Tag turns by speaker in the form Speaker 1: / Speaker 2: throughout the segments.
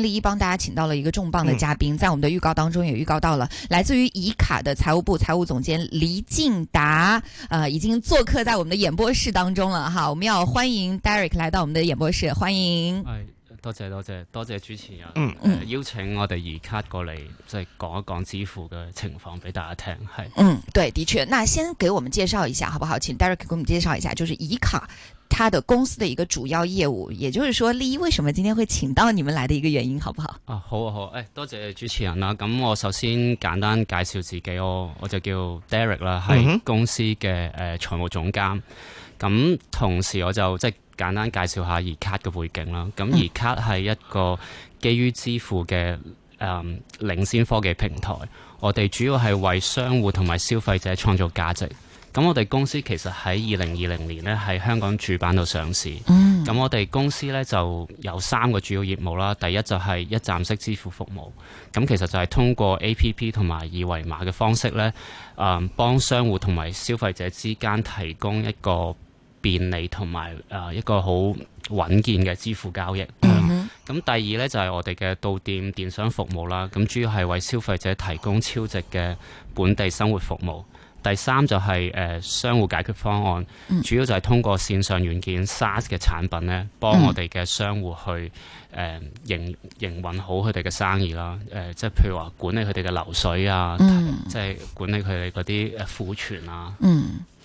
Speaker 1: 立一幫大家請到了一個重磅的嘉賓、嗯，在我們的預告當中也預告到了，來自於移卡的財務部財務總監黎進達，呃，已經做客在我們的演播室當中了哈，我們要歡迎 Derek 來到我們的演播室，歡迎。
Speaker 2: 哎，多謝多謝多謝主持人，嗯、呃、嗯，邀請我哋移卡過嚟，即係講一講支付嘅情況俾大家聽，係。嗯，
Speaker 1: 對，的確，那先給我們介紹一下好不好？請 Derek 給我們介紹一下，就是移卡。他的公司的一個主要業務，也就是說，立一為什麼今天會請到你們來的一個原因，好不好？啊，
Speaker 2: 好啊，好啊，誒、哎，多謝主持人啦、啊。咁、嗯、我首先簡單介紹自己，哦，我就叫 Derek 啦，係公司嘅，誒、呃、財務總監。咁、嗯、同時我就即係簡單介紹下移卡嘅背景啦。咁移卡係一個基於支付嘅誒、呃、領先科技平台，我哋主要係為商戶同埋消費者創造價值。咁我哋公司其實喺二零二零年咧，喺香港主板度上市。咁我哋公司咧就有三個主要業務啦。第一就係一站式支付服務，咁其實就係通過 A P P 同埋二維碼嘅方式咧，啊、嗯、幫商戶同埋消費者之間提供一個便利同埋誒一個好穩健嘅支付交易。咁、Mm-hmm. 嗯、第二咧就係、是、我哋嘅到店電商服務啦。咁主要係為消費者提供超值嘅本地生活服務。第三就係、是、誒、呃、商戶解決方案。嗯、主要就係通過線上軟件 SaaS 嘅產品咧，幫我哋嘅商戶去誒、呃、營營運好佢哋嘅生意啦。誒、呃、即係譬如話管理佢哋嘅流水啊，嗯、即係管理佢哋嗰啲庫存啊。嗯嗯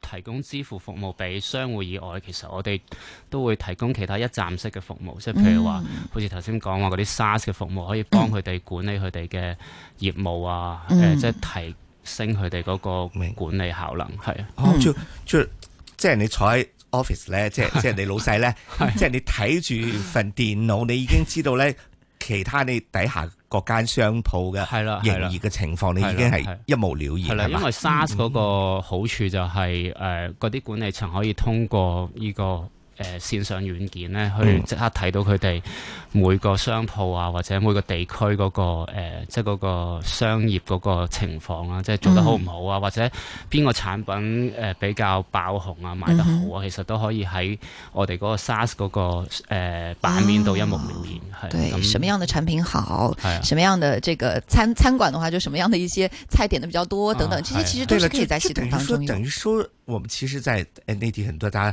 Speaker 2: 提供支付服務俾商戶以外，其實我哋都會提供其他一站式嘅服務，即係譬如話，好似頭先講話嗰啲 SaaS 嘅服務，可以幫佢哋管理佢哋嘅
Speaker 3: 業務啊，誒、嗯呃，即係提升佢哋嗰個管理效能係啊。即係你坐喺 office 咧， 即係即係你老細咧，即係 你睇住份電腦，你已經知道咧。其他你底下嗰間商鋪嘅係營業嘅情況你已經係一目了然係啦，因為
Speaker 2: SARS 嗰個好處就係誒嗰啲管理層可以通過呢個。誒、呃、線上軟件咧，可以即刻睇到佢哋每個商鋪啊，或者每個地區嗰、那個即係嗰個商業嗰個情況啊，即、就、係、是、做得好唔好啊，嗯、或者邊個產品誒比較爆紅啊，賣得好啊，嗯、哼其實都可以喺我哋嗰個 SaaS 嗰、那個誒、呃、版面度一
Speaker 1: 目了然。係、啊。對，什麼樣嘅產品好？係的什麼樣嘅，這個餐餐館的話，就什麼樣的一些菜點得比較多等等，這些其實都是可以在系統當中。等
Speaker 3: 於說，我們其實在誒內地很多家。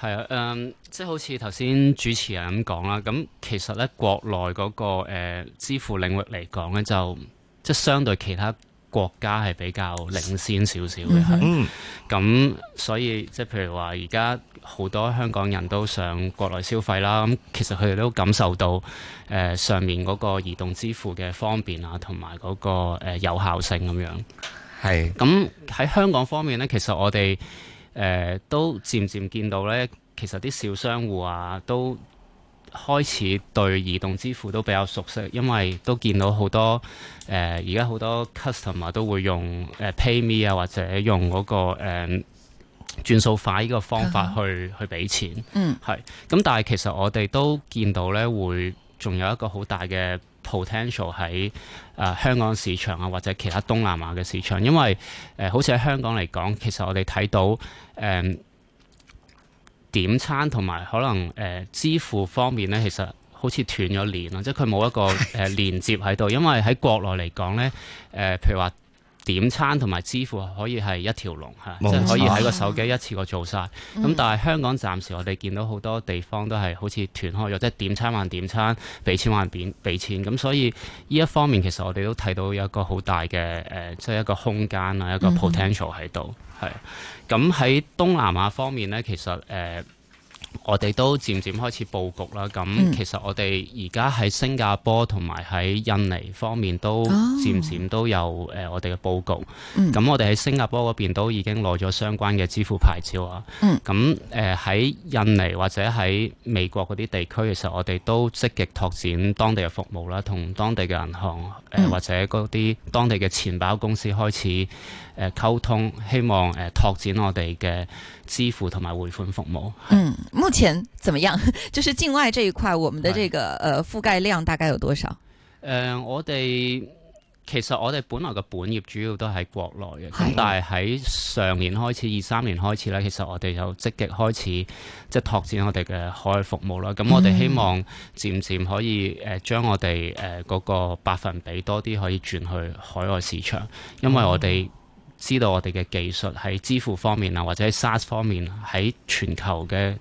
Speaker 2: 係啊，嗯，即係好似頭先主持人咁講啦，咁其實咧國內嗰個支付領域嚟講咧，就即係相對其他國家係比較領先少少嘅，係、mm。咁、hmm. 嗯、所以即係譬如話，而家好多香港人都上國內消費啦，咁其實佢哋都感受到誒、呃、上面嗰個移動支付嘅方便啊，同埋嗰個有效性咁樣。係是。咁喺香港方面咧，其實我哋。誒、呃、都漸漸見到咧，其實啲小商戶啊都開始對移動支付都比較熟悉，因為都見到好多誒而家好多 customer 都會用誒 PayMe 啊，呃、PayMe, 或者用嗰、嗰個、呃、轉數快呢個方法去去俾錢，嗯，係。咁但係其實我哋都見到咧，會仲有一個好大嘅。potential 喺誒、呃、香港市場啊，或者其他東南亞嘅市場，因為誒、呃、好似喺香港嚟講，其實我哋睇到誒、呃、點餐同埋可能誒、呃、支付方面咧，其實好似斷咗鏈啊，即係佢冇一個誒、呃、連接喺度，因為喺國內嚟講咧，誒、呃、譬如話。點餐同埋支付可以係一條龍嚇，即係冇錯可以喺個手機一次過做晒。咁、嗯、但係香港暫時我哋見到好多地方都係好似斷開咗，即、就、係、是、點餐還點餐，俾錢還俾俾錢。咁所以呢一方面其實我哋都睇到有一個好大嘅誒，即、呃、係、就是、一個空間啊，一個 potential 喺度係。咁喺、嗯、東南亞方面咧，其實誒。呃我哋都漸漸開始佈局啦，咁其實我哋而家喺新加坡同埋喺印尼方面都漸漸都有誒我哋嘅佈局，咁、哦、我哋喺新加坡嗰邊都已經攞咗相關嘅支付牌照啊，咁誒喺印尼或者喺美國嗰啲地區，其實我哋都積極拓展當地嘅服務啦，同當地嘅銀行誒或者嗰啲當地嘅錢包公司開始。誒，溝、呃、通希望誒、呃、拓展我哋嘅支付同埋匯款服務。
Speaker 1: 嗯，目前怎麼樣？ 就是境外這一塊，我們的這個覆蓋量大概有多少？
Speaker 2: 誒是、呃呃，我哋其實我哋本來嘅本業主要都係國內嘅，咁但係喺上年開始， 二三年開始呢，其實我哋就積極開始即拓展我哋嘅海外服務啦。咁我哋希望漸漸可以誒、呃、將我哋誒嗰個百分比多啲可以轉去海外市場，因為我哋。 知道我哋嘅技術喺支付方面啊，或者喺 SaaS 方面喺全球嘅誒、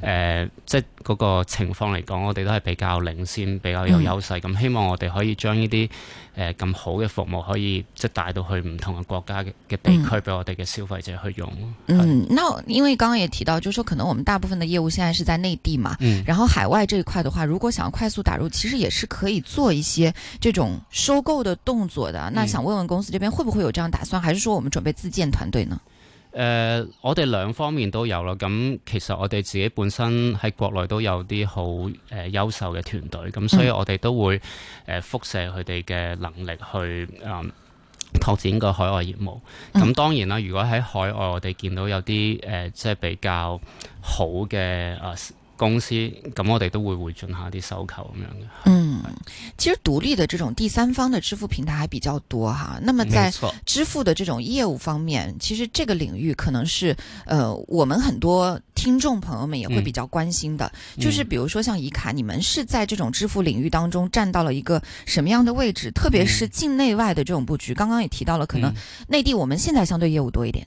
Speaker 2: 呃，即係嗰個情況嚟講，我哋都係比較領先，比較有優勢。咁、mm hmm。希望我哋可以將呢啲。誒，咁好嘅服務可以即係帶到去唔同嘅國家嘅嘅地區，俾我哋嘅消費者去用。嗯，
Speaker 1: 那因為剛剛也提到，就是說可能我們大部分嘅業務現在是在內地嘛，嗯，然後海外這一塊嘅話，如果想要快速打入，其實也是可以做一些這種收購嘅動作嘅。那想問問公司這邊會不會有這樣打算，還是說我們準備自建團隊呢？
Speaker 2: 誒、呃，我哋兩方面都有咯。咁其實我哋自己本身喺國內都有啲好誒優秀嘅團隊，咁、嗯、所以我哋都會誒輻射佢哋嘅能力去誒拓、嗯、展個海外業務。咁當然啦，如果喺海外我哋見到有啲誒，即、呃、係、就是、比較好嘅啊。呃公司咁，我哋都會會進行一啲收購咁樣。
Speaker 1: 嗯，其實獨立的這種第三方的支付平台還比較多哈。那麼在支付的這種業務方面，其實這個領域可能是，呃，我們很多聽眾朋友們也會比較關心的，嗯、就是，比如說像移卡，你們是在這種支付領域當中佔到了一個什麼樣的位置？特別是境內外的這種布局，剛剛也提到了，可能內地我們現在相對業務多一點。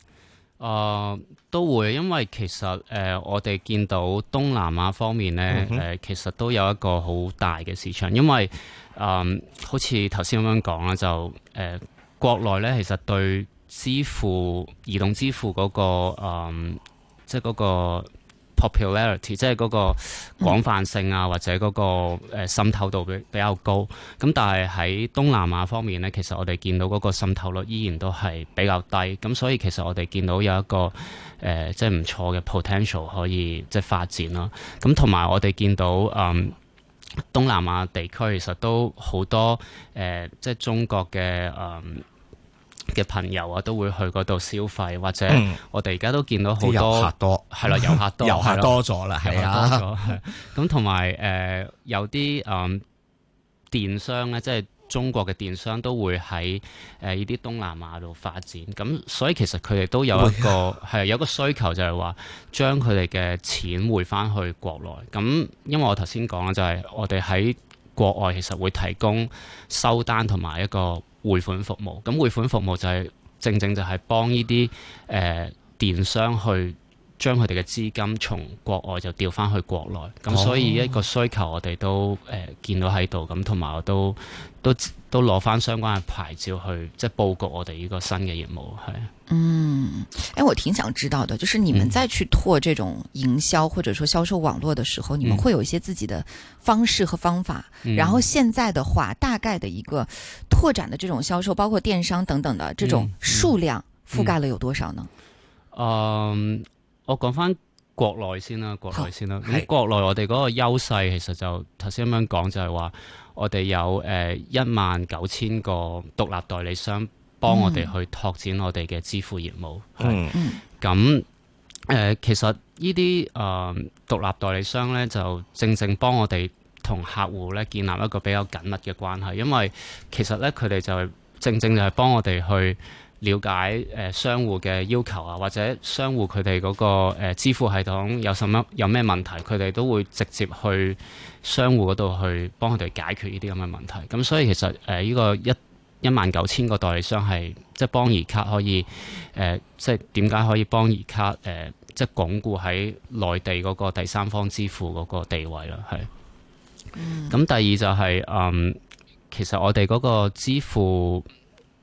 Speaker 2: 誒、呃、都會，因為其實誒、呃、我哋見到東南亞方面咧，誒、嗯哼呃、其實都有一個好大嘅市場，因為誒、呃、好似頭先咁樣講啦，就誒、呃、國內咧，其實對支付、移動支付嗰個，即係嗰個。呃 popularity 即係嗰個廣泛性啊，或者嗰、嗰個誒、呃、滲透度比比較高。咁、嗯、但係喺東南亞方面咧，其實我哋見到嗰個滲透率依然都係比較低。咁、嗯、所以其實我哋見到有一個誒、呃、即係唔錯嘅 potential 可以即係發展咯。咁同埋我哋見到嗯東南亞地區其實都好多誒、呃、即係中國嘅誒。嗯嘅朋友啊，都會去嗰度消費，或者我哋而家都見到好多、嗯、客多，係啦，遊客多，遊 客多咗啦，係啊的，咁同埋誒有啲誒、嗯、電商咧，即、就、係、係、中國嘅電商都會喺誒呢啲東南亞度發展，咁所以其實佢哋都有一個係喂有個需求就，就係話將佢哋嘅錢匯翻去國內，咁因為我頭先講嘅就係我哋喺國外其實會提供收單同埋一個。匯款服務，咁匯款服務就係正正就係幫呢啲誒電商去。將佢哋嘅資金從國外就調翻去國內，咁所以一個需求我哋都誒、呃、見到喺度，咁同埋我都都都攞翻相關嘅牌照去，即係佈局我哋呢個新嘅業務係。嗯，
Speaker 1: 誒、欸，我挺想知道嘅，就是你們再去拓這種營銷，或者說銷售網絡嘅時候，你們會有一些自己的方式和方法。嗯、然後現在嘅話，大概嘅一個拓展嘅這種銷售，包括電商等等的這種數量，覆蓋了有多少呢？嗯。嗯
Speaker 2: 嗯嗯嗯嗯嗯我講翻國內先啦，國內先啦。喺好國內，我哋嗰個優勢其實就頭先咁樣講，就係話我哋有誒一萬九千個獨立代理商幫我哋去拓展我哋嘅支付業務。嗯咁誒，其實呢啲誒獨立代理商咧，就正正幫我哋同客戶咧建立一個比較緊密嘅關係，因為其實咧佢哋就正正正就係幫我哋去。了解誒、呃、商戶嘅要求啊，或者商戶佢哋嗰個誒、呃、支付系統有什麼有咩問題，佢哋都會直接去商戶嗰度去幫佢哋解決呢啲咁嘅問題，咁、嗯、所以其實誒呢、呃這個一一萬九千個代理商係即係幫移卡可以誒、呃、即係點解可以幫移卡誒、呃、即係鞏固喺內地嗰個第三方支付嗰個地位啦，係嗯。咁、嗯、第二就係、是、嗯，其實我哋嗰個支付。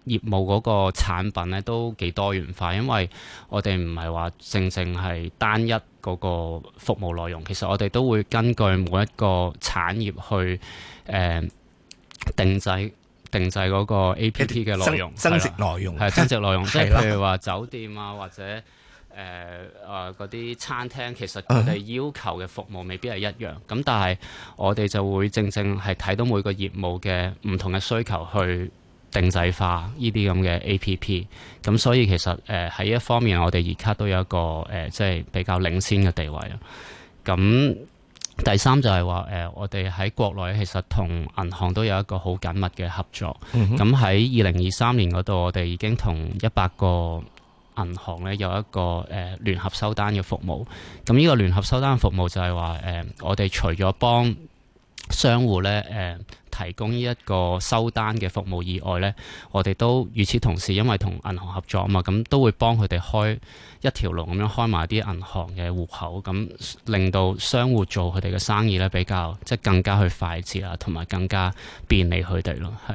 Speaker 2: 業務嗰個產品咧都幾多元化，因為我哋唔係話正正係單一嗰個服務內容，其實我哋都會根據每一個產業去誒、呃、定制定製嗰個 A P P 嘅內容，增值內容，係、增值內容，即係譬如話酒店啊，或者誒誒嗰啲餐廳，其實佢哋要求嘅服務未必係一樣，咁、uh huh. 但係我哋就會正正係睇到每個業務嘅唔同嘅需求去。定制化呢啲咁嘅 A P P，咁所以其實誒喺、呃、一方面，我哋而家都有一個誒、呃、即係比較領先嘅地位啦。咁第三就係話誒我哋喺國內其實同銀行都有一個好緊密嘅合作。咁喺二零二三年嗰度，我哋已經同一百個銀行咧有一個誒、呃、聯合收單嘅服務。咁呢個聯合收單嘅服務就係話誒我哋除咗幫。商戶咧，誒提供依一個收單嘅服務以外咧，我哋都與此同時，因為同銀行合作啊嘛，咁都會幫佢哋開一條龍咁樣開埋啲銀行嘅戶口，咁令到商戶做佢哋嘅生意咧，比較即係更加去快捷啊，同埋更加便利佢哋咯，係。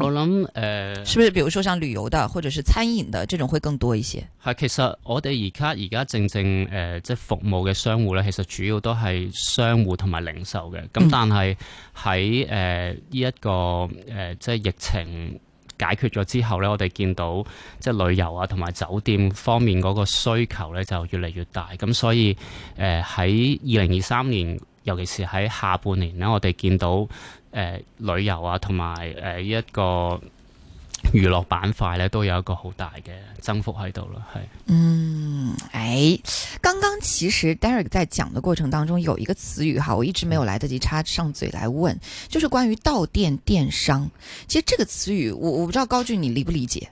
Speaker 1: 我諗誒，呃、是不是，比如說像旅遊的，或者是餐飲的這種會更多一些？
Speaker 2: 係，其實我哋而家而家正正誒、呃，即係服務嘅商戶呢，其實主要都係商戶同埋零售嘅。咁但係喺誒呢一個誒、呃，即係疫情解決咗之後呢，我哋見到即係旅遊啊，同埋酒店方面嗰個需求呢，就越嚟越大。咁、嗯、所以誒喺二零二三年。尤其是喺下半年咧，我哋見到誒、呃、旅遊啊，同埋誒呢一個娛樂板塊呢，都有一個好大嘅增幅喺度咯，係。嗯，
Speaker 1: 誒、哎，剛剛其實 Derek 在講嘅過程當中有一個詞語哈，我一直沒有來得及插上嘴來問，就是關於到店電商。其實這個詞語，我我不知道高俊你理不理解。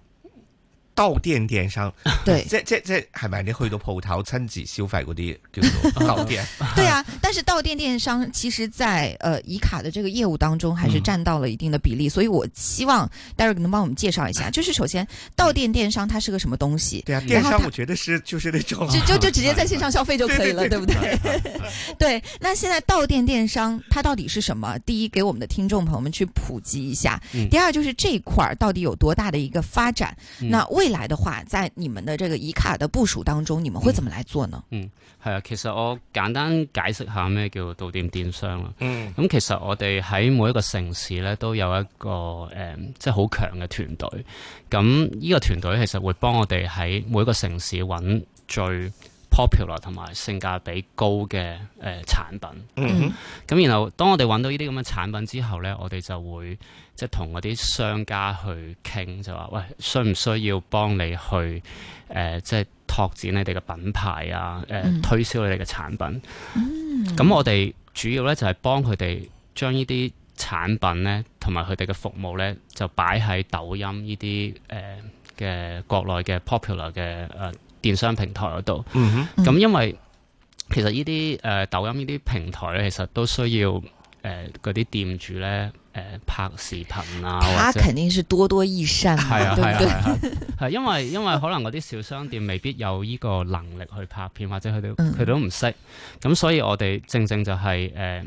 Speaker 3: 到店電商，對，這這這，係咪你去到鋪頭親自消費嗰啲叫做到店？
Speaker 1: 對啊，但是到店電商其實，在呃移卡的這個業務當中，還是佔到了一定的比例。所以我希望 Derek 能幫我們介紹一下，就是首先到店電商它是個什麼東西？對啊，電商我
Speaker 3: 覺得是就是那種就就就直接在線上消費就可以了，對不對？
Speaker 1: 對。那現在到店電商它到底是什麼？第一，給我們的聽眾朋友們去普及一下；第二，就是這一塊到底有多大的一個發展？那？我。未來的話，在你們的這個移卡的部署當中，你們會怎麼來做呢？
Speaker 2: 嗯，係、嗯、啊，其實我簡單解釋下咩叫到店電,電商啦。嗯，咁、嗯、其實我哋喺每一個城市咧，都有一個誒、呃，即係好強嘅團隊。咁、嗯、呢、這個團隊其實會幫我哋喺每一個城市揾最。popular 同埋性價比高嘅誒、呃、產品，咁、mm hmm. 然後當我哋揾到呢啲咁嘅產品之後呢，我哋就會即係同嗰啲商家去傾，就話喂，需唔需要幫你去誒、呃，即係拓展你哋嘅品牌啊，誒、呃 mm hmm. 推銷你哋嘅產品。咁、
Speaker 1: mm hmm. 我
Speaker 2: 哋主要呢，就係幫佢哋將呢啲產品呢，同埋佢哋嘅服務呢，就擺喺抖音呢啲誒嘅國內嘅 popular 嘅誒。呃電商平台嗰度，咁、嗯、哼因為其實呢啲誒抖音呢啲平台咧，其實都需要誒嗰啲店主咧誒、呃、拍視頻啊，或者他肯
Speaker 1: 定是多多益善，係啊係啊係，
Speaker 2: 係 因為因為可能嗰啲小商店未必有呢個能力去拍片，或者佢哋佢都唔識，咁所以我哋正，正正就係、是、誒。呃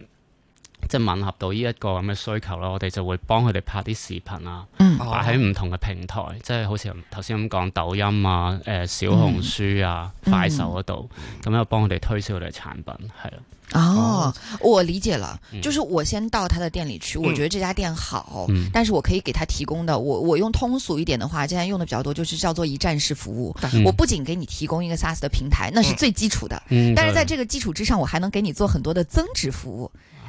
Speaker 2: 即係吻合到呢一個咁嘅需求咯，我哋就會幫佢哋拍啲視頻啊，擺喺唔同嘅平台，即係好似頭先咁講抖音啊、誒、呃、小紅書啊、嗯、快手嗰度，咁、嗯、樣幫佢哋推銷佢哋產品係
Speaker 1: 咯。哦，哦我理解了，嗯、就是我先到他的店裏去，我覺得這家店好，嗯、但是我可以給他提供的，我我用通俗一點的話，現在用的比較多，就是叫做一站式服務。嗯、我不僅給你提供一個 SaaS 的平台，那是最基礎的，嗯、但是在這個基礎之上，我還能給你做很多的增值服務。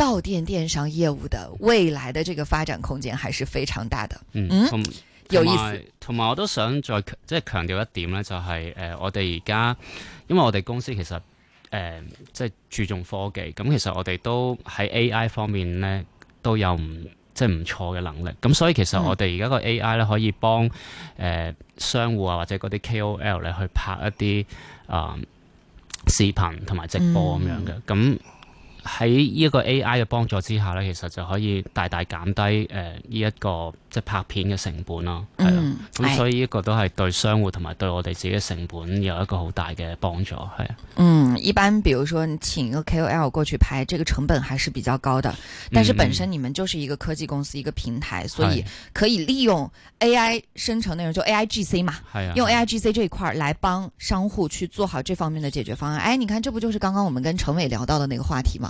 Speaker 1: 到店電，電商業務的未來的這個發展空間還是非常大的。嗯，同，有意思。
Speaker 2: 同埋，我都想再即係強調一點咧，就係、是、誒、呃，我哋而家，因為我哋公司其實誒、呃，即係注重科技，咁其實我哋都喺 AI 方面咧，都有唔即係唔錯嘅能力。咁所以其實我哋而家個 AI 咧，嗯、可以幫誒、呃、商戶啊或者嗰啲 KOL 咧去拍一啲啊、呃、視頻同埋直播咁樣嘅咁。嗯喺呢一個 AI 嘅幫助之下呢，其實就可以大大減低誒呢一個即係拍片嘅成本咯，係、嗯、啊，咁所以呢個都係對商戶同埋對我哋自己嘅成本有一個好大嘅幫助，係啊。嗯，
Speaker 1: 一般比如說你請一個 KOL 過去拍，這個成本還是比較高的，但是本身你們就是一個科技公司，一個平台，所以可以利用 AI 生成內容，就 AIGC 嘛，係啊，用 AIGC 這一塊來幫商戶去做好這方面的解決方案。誒、哎，你看，這不就是剛剛我們跟陳偉聊到的那個話題嗎？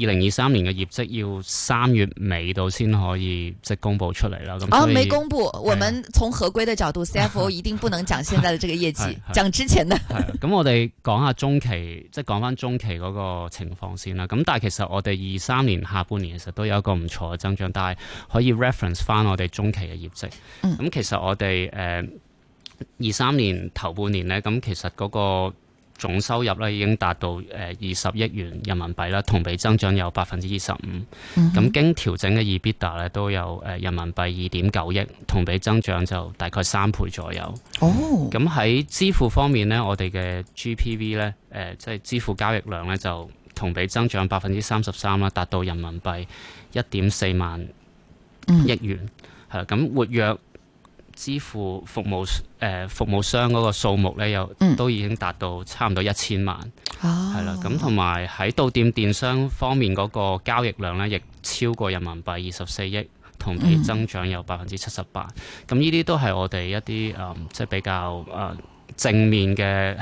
Speaker 2: 二零二三年嘅業績要三月尾到先可以即公布出嚟啦。咁啊、哦，沒公布。是我們
Speaker 1: 從合規的角度 ，CFO 一定不能講現在的這個業績，講 之前的。
Speaker 2: 咁 我哋講下中期，即係講翻中期嗰個情況先啦。咁但係其實我哋二三年下半年其實都有一個唔錯嘅增長，但係可以 reference 翻我哋中期嘅業績。咁、嗯、其實我哋誒二三年頭半年呢，咁其實嗰、那個。總收入咧已經達到誒二十億元人民幣啦，同比增長有百分之二十五。
Speaker 1: 咁、嗯、哼經
Speaker 2: 調整嘅 e b i t a 咧都有誒人民幣二點九億，同比增長就大概三倍左右。哦，咁喺支付方面咧，我哋嘅 g p v 咧誒即係支付交易量咧就同比增長百分之三十三啦，達到人民幣一點四萬億元。係咁、嗯、活躍。支付服務誒、呃、服務商嗰個數目咧，又、嗯、都已經達到差唔多一千萬，係啦、哦。咁同埋喺到店電商方面嗰個交易量咧，亦超過人民幣二十四億，同比增長有百分之七十八。咁呢啲都係我哋一啲誒，即、呃、係、就是、比較誒、呃正面的，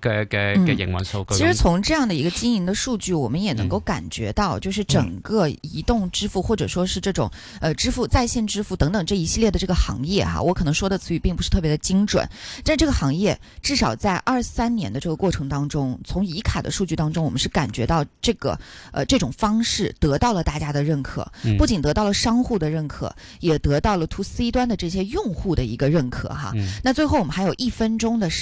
Speaker 2: 嘅嘅嘅嘅營運數據。嗯、 的其實從
Speaker 1: 這樣的一個經營的數據，我們也能夠感覺到，就是整個移動支付、嗯、或者說是這種、嗯、呃，支付、在線支付等等這一系列的這個行業哈，我可能說的詞語並不是特別的精準。在這個行業，至少在二三年的這個過程當中，從移卡的數據當中，我們是感覺到這個呃，這種方式得到了大家的認可，不僅得到了商戶的認可，也得到了 To C 端的這些用戶的一個認可，哈。嗯、那最後我們還有一分鐘的時。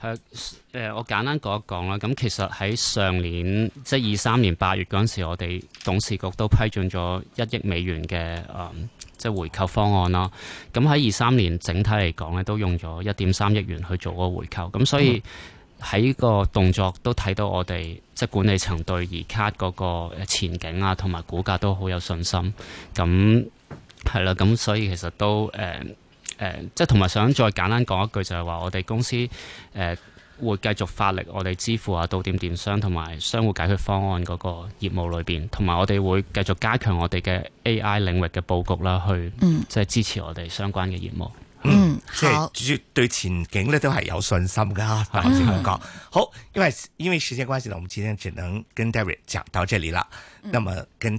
Speaker 2: 係我簡單講一講啦。咁其實喺上年，即係二三年八月嗰陣時，我哋董事局都批准咗一億美元嘅誒，即係回購方案啦。咁喺二三年整體嚟講咧，都用咗一點三億元去做個回購。咁所以喺呢個動作都睇到我哋即係管理層對移卡嗰個前景啊，同埋股價都好有信心。咁係啦，咁所以其實都誒。誒，即係同埋想再簡單講一句，就係話我哋公司誒會繼續發力我哋支付啊、到店電商同埋商戶解決方案嗰個業務裏邊，同埋我哋會繼續加強我哋嘅 AI 領域嘅佈局啦，去即係支持我哋相關嘅業務。
Speaker 1: 嗯，
Speaker 3: 嗯嗯即係對前景咧都係有信心噶，我自己感覺。嗯、好，因為因為時間關係咧，我們今天只能跟 David 講到這裡啦。嗯，那麼跟。